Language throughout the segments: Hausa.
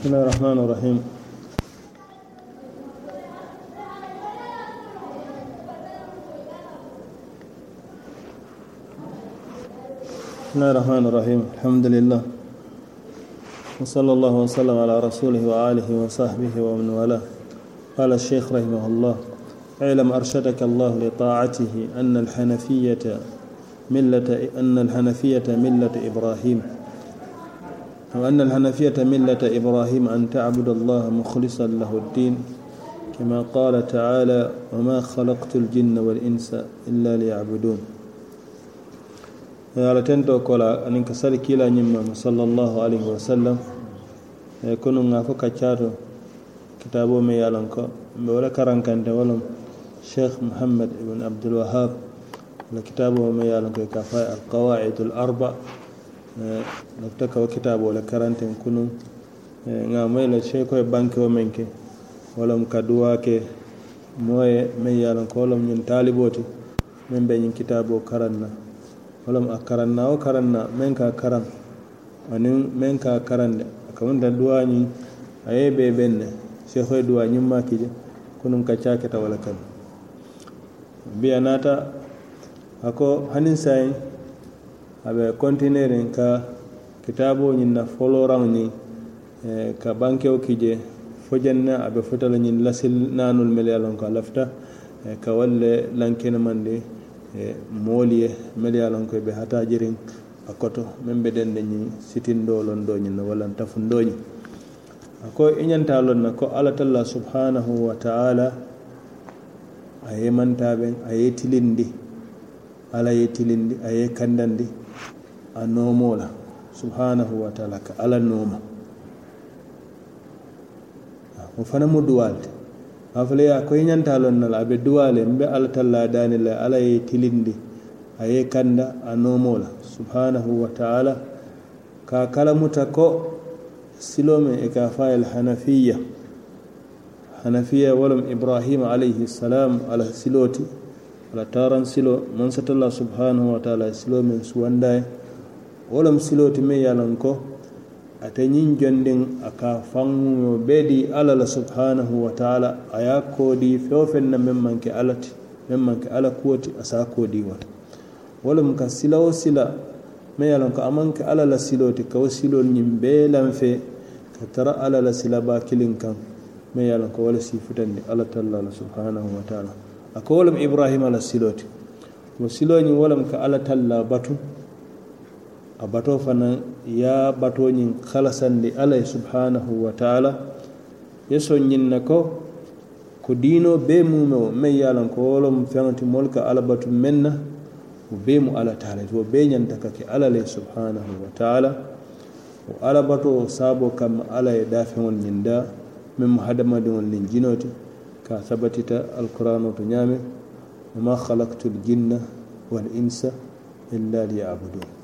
بسم الله الرحمن الرحيم بسم الله الرحمن الرحيم الحمد لله وصلى الله وسلم على رسوله وآله وصحبه ومن والاه قال الشيخ رحمه الله اعلم أرشدك الله لطاعته أن الحنفية ملة أن الحنفية ملة إبراهيم وأن الحنفية ملة إبراهيم أن تعبد الله مخلصا له الدين كما قال تعالى وما خلقت الجن والإنس إلا ليعبدون على تنتو كلا أنك سال كلا صلى الله عليه وسلم يكون نافك أشارو كتابه ميالنك بولا كرنك أنت ولم شيخ محمد بن عبد الوهاب لكتابه ميالنك كفاية القواعد الأربع nokta ka wo kitabo le karantin kunu nga mai la seeko ye banki meŋ ke wolom ka duwa ke moye ye yalan ko wolom ñiŋ taaliboo ti meŋ be ñiŋ kitaaboo karaŋ na wolom a karaŋ na wo karaŋ na ka karan karaŋ aniŋ ka karan karaŋ de a ka duwa ni a ye bee beŋ ne seeko ye duwa ñiŋ ma ki je ka cakita wala wo biya nata a ko haniŋ saayiŋ abe kontinerin ka kitabo ñin na foloraŋ ni e, ka bankeo kije fojanna abe fotala ñin lasil nanul mele yalon ko lafta e, ka walle lankene mandi e, moolie mele yalon ko be hatajirin a koto men be dende ñin sitindolon doñin na walla n tafundoñi ako iñanta e lon na ko alatalla subhanahu wa taala a yemantaɓen a yetilindi ala yetilindi a ye kandandi a noomoola subhanahu wa taala ka ala nooma mo fana mu duwaalte ma fale ye a koy ñanta lon nala a be duwaale m be alla talla daanila ala ye tilindi a ye kanda a noomoola subhanahu wa taala ka kalamuta ko silome e ka fayel hanafiya hanafiya wolom ibrahima alayhi salam ala silooti ala taran silo mansatalla subhanahu wa taala silomen suwandaye wo lom siloo ti meŋ ye a ta ko ate ñiŋ jondiŋ a ka faŋo bee di alla la subhanahu wa taala a ye a koodi feŋ feŋ na meŋ maŋ ke alla ti meŋ maŋ ke alla ti a se a koodi wa wo lom ka sila wo sila meŋ ye a loŋ ko a maŋ ke alla la siloo ti ka wo siloolu ñiŋ bee laŋ ka tara alla la silabaa kiliŋ kaŋ meŋ ye a loŋ ko wo le si futandi alla talla la subhanahu wa taala a ko wo lom ibrahima la siloo ti wo siloo ñiŋ wo lem ka alla talla batu a bato fana ya bato ñiŋ kalasandi alla ye subhanahu wa taala ye soŋ ñiŋ na ko ko diino bee mumeo meŋ ye a loŋ ko wo loŋ feŋo moolu ka alla batu meŋ na wo bee mu alla taala ti wo bee ñanta ka ke alla le subhanahu wa taala wo alla batoo saaboo kamma alla ye daafeŋolu ñiŋ da meŋ mu hadamadiŋol niŋ jinoo ti ka sabatita alkuranoo to ñaame wo ma l jinna wal insa illa liyabudun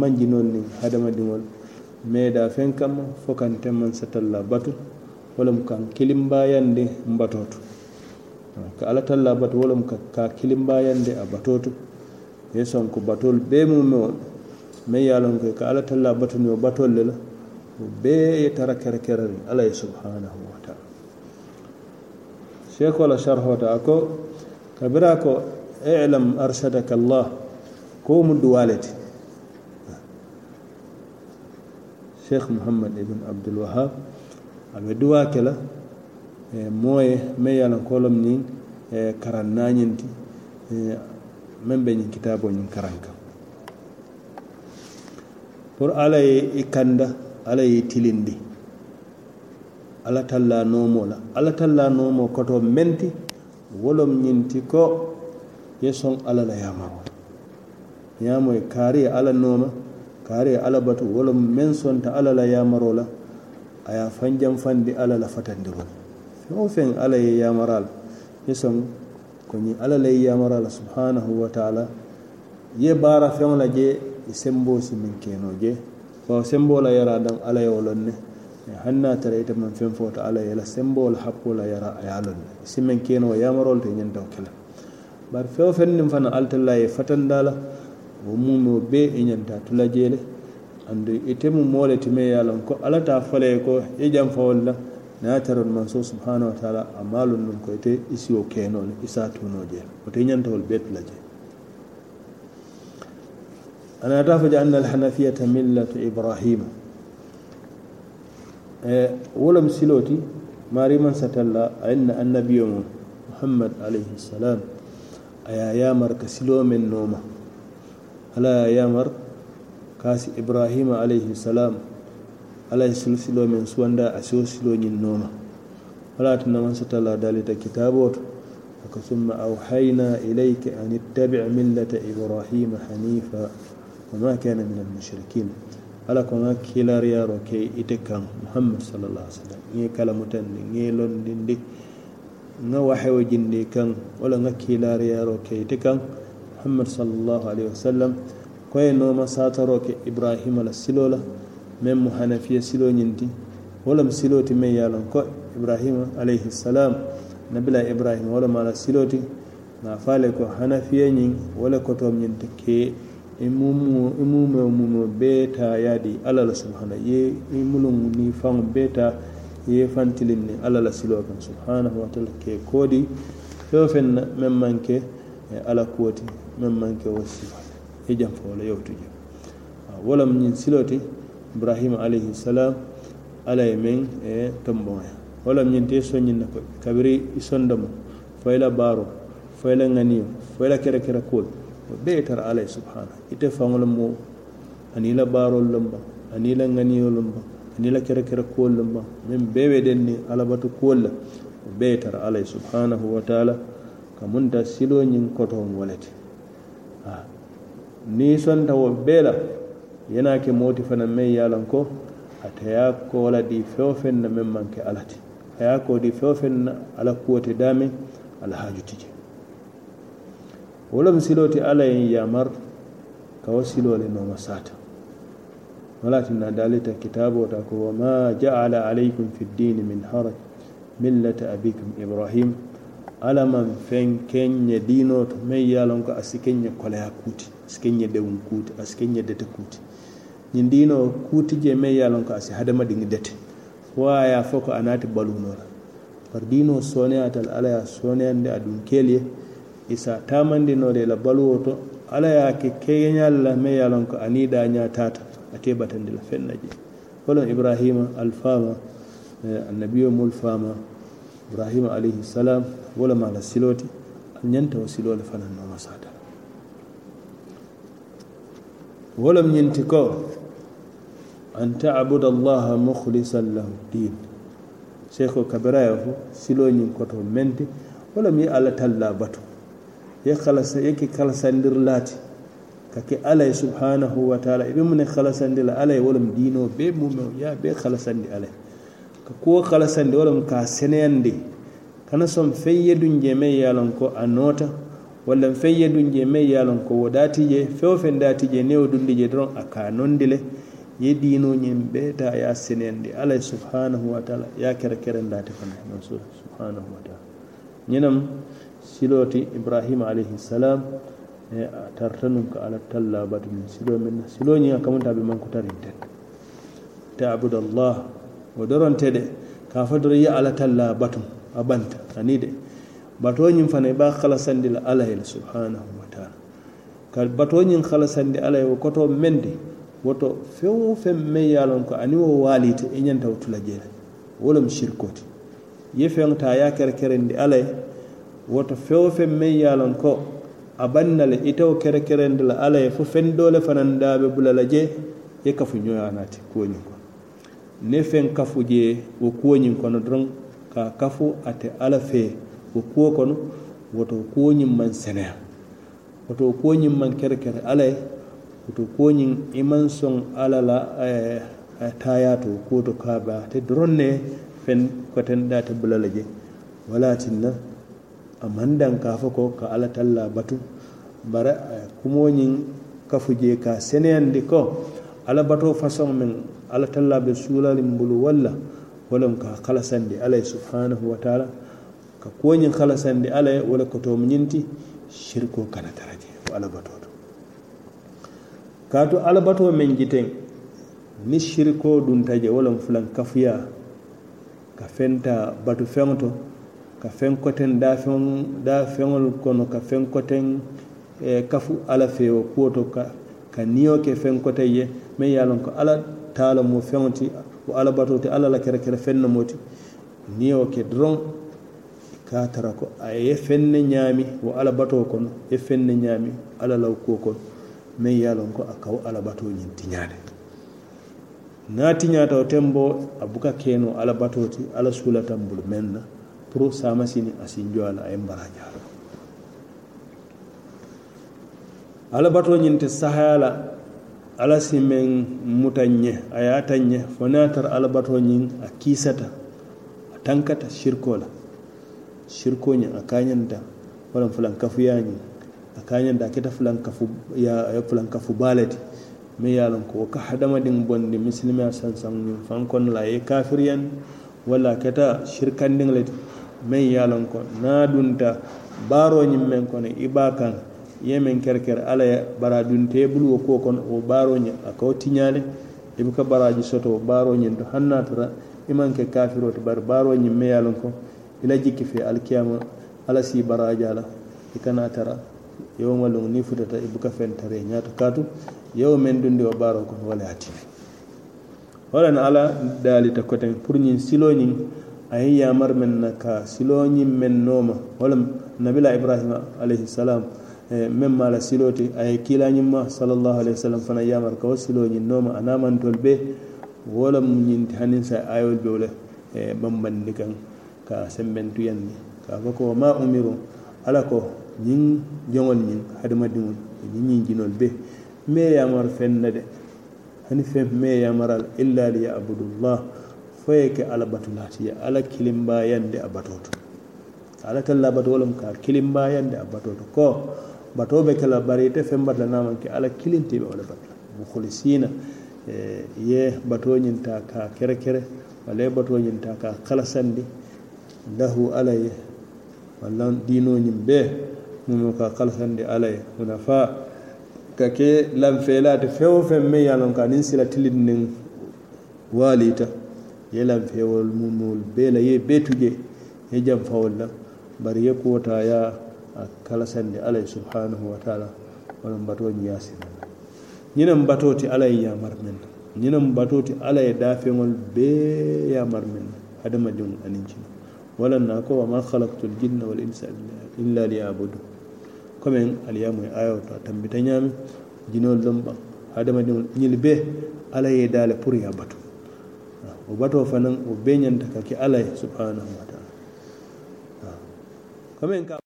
manjinol niŋ hadamadiŋol mais da feŋ kamma fo kaŋ tenmaŋ satalla batu wo lemu kaŋ kilimbayandi n batoo to ka alla talla batu wo lemu ka kilimbayandi a batoo to ye sonko batolu bee mumewol meŋ ye a loŋ ko ka alla talla batu niŋ wo batolu le la wo bee ye tara kerekereriŋ alla ye subhanahu wa taala sheekoo la sarhota a ko kabira ko elam arsadaka allah ko mu duwaleti muhammad ibn abdul wahab abe duwa kela e eh, moye me ye kolom e karan nañinti eh, men be ñin kitabo ñin karan kam pour ala ye i kanda ala ye tilindi ala talla nomo la ala talla nomo koto menti wolom ñinti ko ye son ala la yamaro yamoye kaari ala nooma kare alabatu wala men sonta alala yamarola aya fanjam fandi alala fatandirol fewo feŋ alla ye yamaral ñisom ko ñi alala ye yamarala subhanahu wa taala ye bara feŋo la je i sembo si min keno je bawo sembo la yara daŋ alla yo lon ne hanna tara ita man feŋ fota alla ye la sembo la hakko la yara aya lon ne si min keno yamarol to ñentaw kela bari fewo feŋ niŋ fana altalla ye fatandala wo mume wo bee i ñanta tula jee andu ite mu moo le time ye a ko alla ta fo ko i janfawol la naŋ manso subhanahu wa taala a maalon nun ko ite i siwo keenoo le i se a tuunoo jee woto i ñanta wol tula jee أنا أتعرف أن الحنفية ملة إبراهيم ولم سلوتي mariman satalla a annabiyo muhammad alayhi salam aya yaya marka silo noma ala yamar kasi ibrahima alayhi salam alay silsilo men suwanda a yin noma wala tinaman sotala dalita kitaboto aka summa ilai ilayka an ittabi millata ibrahima hanifa wama kana min almushrikin ala kilar yaro ke ite kan muhammad sallallahu sallallah ai sallam ŋe kalamutandi ŋe londindi ŋa wahewo jindi kan wala kilar yaro ke ite kan muhammad sallllahu alaihi wa sallam koye nooma sataro e e ke e ibrahima la silo la meŋ mu hanafiya silo ñiŋ ti wo lemu siloo ti meŋ ye a loŋ ko ibrahima alayhi salam nabila ibrahima wo lemu a la siloo ti ŋa fo le ko hanafiya ñiŋ wo le kotoom ñiŋ ti kee i mumeo mumeo bee taa ye a di alla la subahana ye i muluŋ niŋ faŋo bee taa ye fantiliŋ niŋ alla la siloo kaŋ subhanahu wa taala kee koo di feŋ feŋ na meŋ maŋ ke alla kuwo ti meŋ maŋ ke wo sifa i janfa wo la yewtu je wo lemu ñiŋ siloo ti ibrahima alayhisalam alla eh, ye meŋ wo lemu ñiŋ te i soñiŋ na ko kabiri i sondamo fo i la baaro fo i la ŋaniyo fo i la kerekere kuolu wo bee ye tara alla ye subhana ite faŋo le anila aniŋ i la baarolu lomba baŋ aniŋ i la ŋaniyo lemu baŋ aniŋ i la kerekere kuolu lemu baŋ meŋ bee be deŋ ni alabatu kuolu la wo bee ye tara alla ye wa taala ka munta siloo ñiŋ kotoŋ wo le ti ni sonta wo bee la yena ke mooti fanaŋ meŋ ye a loŋ ko ate ye a koo la di feŋ feŋ na meŋ maŋ ke alla a ye a koo di feŋ feŋ na alla kuwo te daamiŋ alla haaju ti je yamar ka wo siloo le nooma saata wala tinna daalita kitaaboo ta ko wa ma jaala alaykum fi ddiini min haraj millata abikum Ibrahim. ala man feŋ keŋ ñe diinoo to meŋ ye a loŋ ko a si keŋ ñe koleya kuuti a si keŋ ñe dewuŋ kuuti a si keŋ ñe dete kuuti ñiŋ diinoo kuuti je meŋ ye a loŋ ko a si hadamadiŋ dete fo a ye a fo ko a naati baluunoo la bari diinoo sooneyaata le ala ye a sooneyandi a duŋ ye i se a taamandinoo le i la baluwo to ala ye a ke keeñaalu la meŋ ye a loŋ ko aniŋ daañaa taata ate batandi la feŋ na je wo loŋ ibrahima alfaama eh, annabiyo mulu faama ibrahima alayhi salam wala mala siloti ñanta wo fanan fanannoma masata wala ñinti ko an ta'budu allah mukhlisan lahu din seeko kabiraya fo siloñin koto menti wala mi ala talla batu ye yake yeke kalasandir laati kake alai subhanahu wa taala ibn mun kalasandi la alay wolom be mumeo ya be kalasandi alai ka kuwo kala sandi wo lemu ka seneyandi kana son feŋ ye je mai ye a loŋ ko a noota walla feŋ ye je mai ye a loŋ ko wo je feŋ wo feŋ je niŋ wo dundi je a ka a le ye dino ñiŋ bee taa ye a seneyandi alla ye subhanahu wa taala ya a kere kerendaati fana subhanahu wa taala ñinam siloti Ibrahim alayhi salam e a tarta nuŋ ka alla talla batu silo siloo meŋ na siloo ñiŋ a kamunta a be mankutariŋ teŋ taabud allah o dorontede ka fo doro ye ala talla batum a banta ani de batoñin fana i be halasandi la ala ye le subhanahu wa taala ka batoñin halasandi ala ye wo koto mendi woto feŋ wo feŋ meŋ ye a loŋ ko aniŋ wo waaliite i e ñanta wo tula jee le wo lemu sirikoo ti ye feŋ a ye a kerekerendi ala ye woto feŋ wo feŋ meŋ ye a loŋ ko a baŋ na le ite wo kerekerendi la ala ye fo feŋ doo le fanaŋ daabe bula la jee ye naati ko ne fen kafu je wo kuwoñin kono doron ka kafu ate ala fe wo kuwo kono woto kuwoñin man senea woto kuwoñin man kere kere alaye woto kuwoñin iman son ala la eh, eh tayato kuwo to kaba ate doron ne fen koten date bulala je wala tinna amandan kafo ko ka ala talla batu bara eh, kumoñin kafu je ka seneyandi ko ala bato façon min ala talla be suulalim bulu walla wolem ka halasandi ala subhanahu wa taala ka kuwoñin halasandi ala wala ko kotomo ñinti shirko kana taraje o alabato to kaatu alabato men jiten ni shirko dun taje wolem fulan kafuya ka fenta batu feŋo to ka feŋ koten daa feŋol kono ka feŋ koten eh, kafu ala feewo kuwo to ka, ka niyo ke feŋ koten ye meŋ ye lon ko ala taala mo feŋo ti wo alabato ti alla la kerekere feŋ nomo ti niŋ wo ke doroŋ ka tara ko a ye feŋ ne ñaami wo alabatoo kono ye feŋ ne ñaami alla la kuo kono meŋ ye a loŋ ko a ka wo alabatoo ñiŋ tiñaale niŋ a tiñaata wo tenbo a buka keenoo alabatoo ti alla suulatan bulu meŋ na pour saamasini a sinjo a la a ye mbaraajaa la alabatoo ñiŋ te sahaya la ala si meŋ muta ɲe a ye a ta ɲe fo niŋ a alabato a kisata a tankata siriko la siriko a kañanta walaŋ fulan kafuya ñiŋ a kañanta a keta fulan kafu ya fulan kafu balati me miŋ ye ko ka hadamadin bondi misilimeya san ñiŋ faŋ kono la a ye kafiriyandi walla a keta sirikandiŋ le ti meŋ ye a loŋ ko niŋ dunta baro ñiŋ meŋ kone i be yemen kerker ala ye bara dun tebulu wo ko kon o baro nya a tinyale tiñaale i buka baraji soto baro nya ñin to haŋ naatara i ke kafiro to bar baro nya meyalon ko ila la jikki fe alikiyama ala si baraja la i e kana tara yewo ma futata i e buka feŋ tare to kaatu yewo men dundi wo baro ko wala ye timi wo le ala daalita koteŋ pour ñiŋ silo ñiŋ a ye yamar men na ka silo ñiŋ men noma wo nabila ibrahima salam meme mala siloti aye kilañinma salllahu alayhi wa sallam fana yamar kawo siloñin noma anamantol be wolam ñinti hanin sa ayol jowle e bambandi kan ka sembentu yanni ka koko ma umiru ala ko ñin jogol ñin hadamadiŋol ñin ñin jinol be me yamar fenna de hani fe me yamaral illa liyabudullah foye ke ala batulati ya ala kilimba yande a batoto ala talla batolam ka kilimba yande a batoto ko bato be bari barite fen bata naman ke ala kilintiɓe wala batla mukhlisina ye ta ka kere kere walla ye ta ka kalasandi lahu ala ye walla dinoñin bee mumo ka kalasandi ala ye munafa ka ke lanfeelate feŋ o feŋ meŋ ye lon ka sila tilin niŋ waalita ye lanfeewol mumol bee la ye bee tuje ye janfawol la bari ye kuwota ya kala sandi alay subhanahu wa taala wonon bato ñiyasima ñinen batoti ala ye yamar men ñinen batoti ala ye dafeŋol bee yamar men hadamadiŋo aniŋ cino wala na ko wama halaktul jinna wal insa illa liyabudu commen aliyamu e ayo to a tambita ñaami jinol lon ɓaŋ hadamadiŋol ñil bee ala ye daale pour ya bato o bato fanan o bee ka ke ala subhanahu wa taala commen ah,